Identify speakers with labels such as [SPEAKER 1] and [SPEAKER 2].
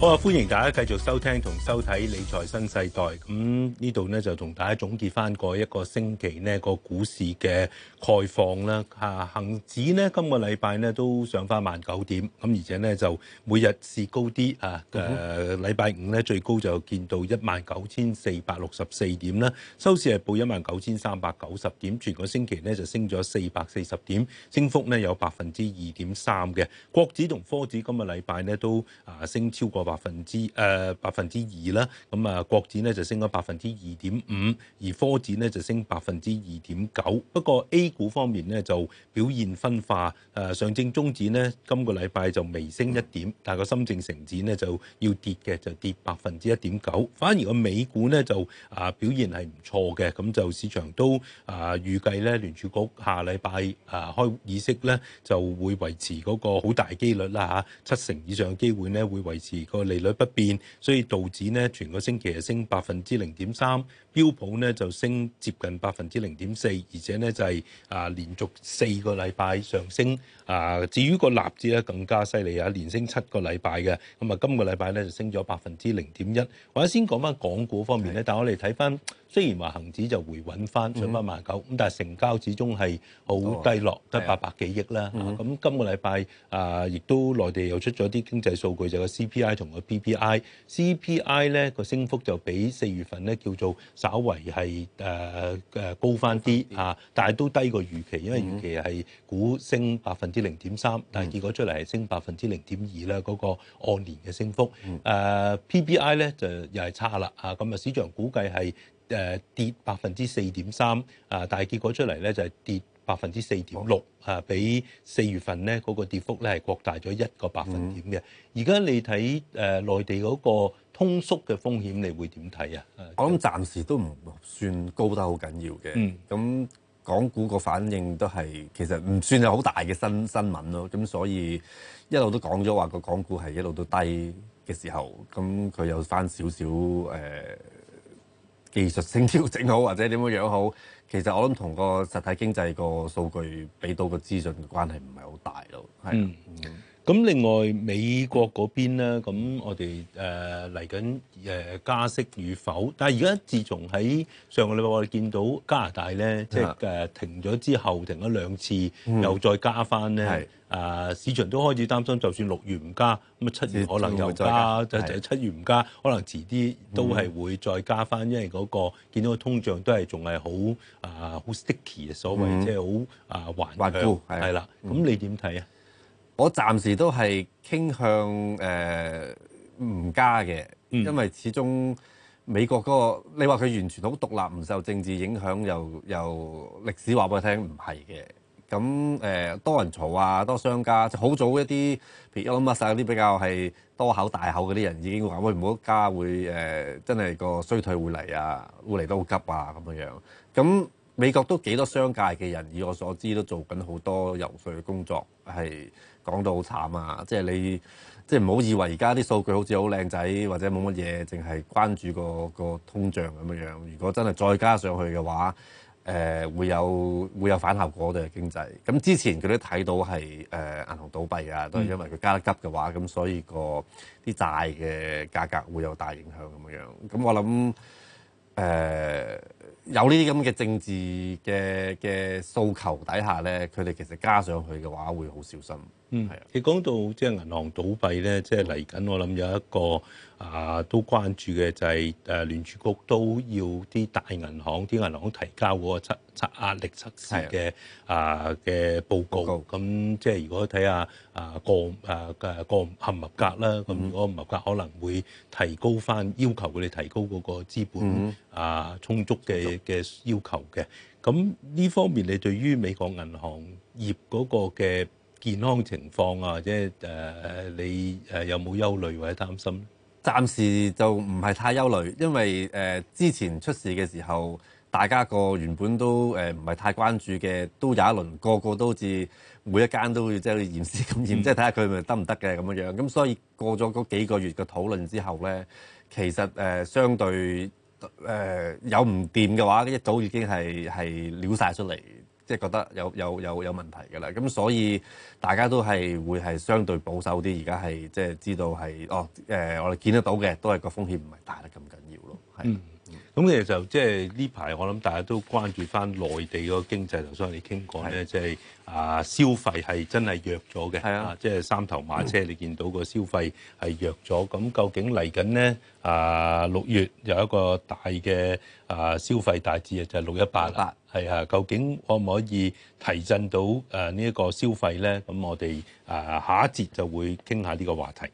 [SPEAKER 1] 好啊！歡迎大家繼續收聽同收睇《理財新世代》。咁呢度呢就同大家總結翻個一個星期呢個股市嘅概況啦。吓，恒指呢今個禮拜呢都上翻萬九點，咁而且呢就每日市高啲啊。誒，禮拜五呢最高就見到一萬九千四百六十四點啦，收市係報一萬九千三百九十點，全個星期呢就升咗四百四十點，升幅呢有百分之二點三嘅。國指同科指今個禮拜呢都啊升超過。百分之誒、呃、百分之二啦，咁啊國指咧，就升咗百分之二點五，而科指咧，就升百分之二點九。不過 A 股方面咧，就表現分化，誒，上證綜指咧，今個禮拜就微升一點，但係個深證成指咧，就要跌嘅，就跌百分之一點九。反而個美股咧就啊表現係唔錯嘅，咁就市場都啊預計咧，聯儲局下禮拜啊開議息咧，就會維持嗰個好大機率啦吓，七成以上嘅機會咧會維持、那個個利率不變，所以道指呢全個星期係升百分之零點三，標普呢就升接近百分之零點四，而且呢就係、係、啊連續四個禮拜上升啊。至於個納指咧更加犀利啊，連升七個禮拜嘅，咁啊今個禮拜呢就升咗百分之零點一。或者先講翻港股方面呢，但係我哋睇翻。雖然話恒指就回穩翻，上百萬九，咁但係成交始終係好低落，得八百幾億啦。咁、嗯啊、今個禮拜啊，亦都內地又出咗啲經濟數據，就個、是、CPI 同個 PPI CPI。CPI 咧個升幅就比四月份咧叫做稍為係、啊、高翻啲、啊、但係都低過預期，因為預期係估升百分之零點三，但係結果出嚟係升百分之零點二啦，嗰個按年嘅升幅。嗯啊、PPI 咧就又係差啦，咁啊市場估計係。誒跌百分之四點三啊！但係結果出嚟咧就係跌百分之四點六啊！比四月份咧嗰個跌幅咧係擴大咗一個百分點嘅。而、嗯、家你睇誒
[SPEAKER 2] 內地嗰個通縮嘅風險，你會點睇啊？我諗暫時都唔算高得好緊要嘅。咁、嗯、港股個反應都係其實唔算係好大嘅新新聞咯。咁所以一路都講咗話個港股係一路都低嘅時候，咁佢有翻少少誒。呃技術性調整好，或者點樣樣好，其實我諗同個實體經濟個數據俾到個資訊嘅關係唔係好大咯，係啊。咁另外美國嗰邊咧，咁
[SPEAKER 1] 我哋誒嚟緊誒加息與否？但係而家自從喺上個禮拜我哋見到加拿大咧，即係誒停咗之後停咗兩次、嗯，又再加翻咧。係啊，市場都開始擔心，就算六月唔加，咁啊七月可能又加，就就七月唔加，可能遲啲都係會再加翻、嗯，因為嗰、嗰個見到個通
[SPEAKER 2] 脹都係仲係好啊好 sticky 啊，很 sticky，所謂即係好啊頑固係啦。咁、嗯就是嗯、你點睇啊？我暫時都係傾向誒唔加嘅，因為始終美國嗰個你話佢完全好獨立，唔受政治影響，又又歷史話俾我聽唔係嘅。咁誒、呃、多人嘈啊，多商家，好、即、早一啲，譬如我諗乜曬嗰啲比較係多口大口嗰啲人已經話喂唔好加，會誒、呃、真係個衰退會嚟啊，會嚟得好急啊咁樣，咁。美國都幾多商界嘅人，以我所知都做緊好多遊說嘅工作，係講到好慘啊！即係你，即係唔好以為而家啲數據好似好靚仔，或者冇乜嘢，淨係關注個個通脹咁樣樣。如果真係再加上去嘅話，誒、呃、會有會有反效果嘅經濟。咁之前佢都睇到係誒、呃、銀行倒閉啊，都係因為佢加得急嘅話，咁、嗯、所以、那個啲債嘅價格會有大影響咁樣樣。咁我諗誒、呃有呢啲咁嘅政治嘅嘅訴求底下咧，佢哋其實加上去嘅話，會好小心。嗯，你講到即係銀行倒閉咧，即係嚟緊。我諗有一
[SPEAKER 1] 個啊，都關注嘅就係誒聯儲局都要啲大銀行、啲銀行提交嗰個測測壓力測試嘅啊嘅報告。咁即係如果睇下啊過啊嘅過合唔合格啦。咁如果唔合格，嗯、合格可能會提高返要求佢哋提高嗰個資本、嗯、啊充足嘅嘅要求嘅。咁呢方面，你對於美國銀行業嗰個
[SPEAKER 2] 嘅健康情況啊，即係誒你誒、呃、有冇憂慮或者擔心？暫時就唔係太憂慮，因為誒、呃、之前出事嘅時候，大家個原本都誒唔係太關注嘅，都有一輪個個都好似每一間都好似驗屍咁驗，即係睇下佢咪得唔得嘅咁樣。咁所以過咗嗰幾個月嘅討論之後咧，其實誒、呃、相對誒、呃、有唔掂嘅話，一早已經係係撩曬出嚟。即係覺得有有有有問題㗎啦，咁所以大家都係會係相對保守啲，而家係即係知道係哦、呃、我哋見得到嘅都係個風險唔係大得咁緊要咯，係。咁其實就即係呢排，
[SPEAKER 1] 我諗大家都關注翻內地嗰個經濟，頭先你傾過咧，即係啊消費係真係弱咗嘅，即係、啊即係、三頭馬車，你見到個消費係弱咗。咁究竟嚟緊咧啊六月有一個大嘅啊消費大節啊，就係六一八，係啊，究竟可唔可以提振到誒呢一個消費咧？咁我哋啊下一節就會傾下呢個話題。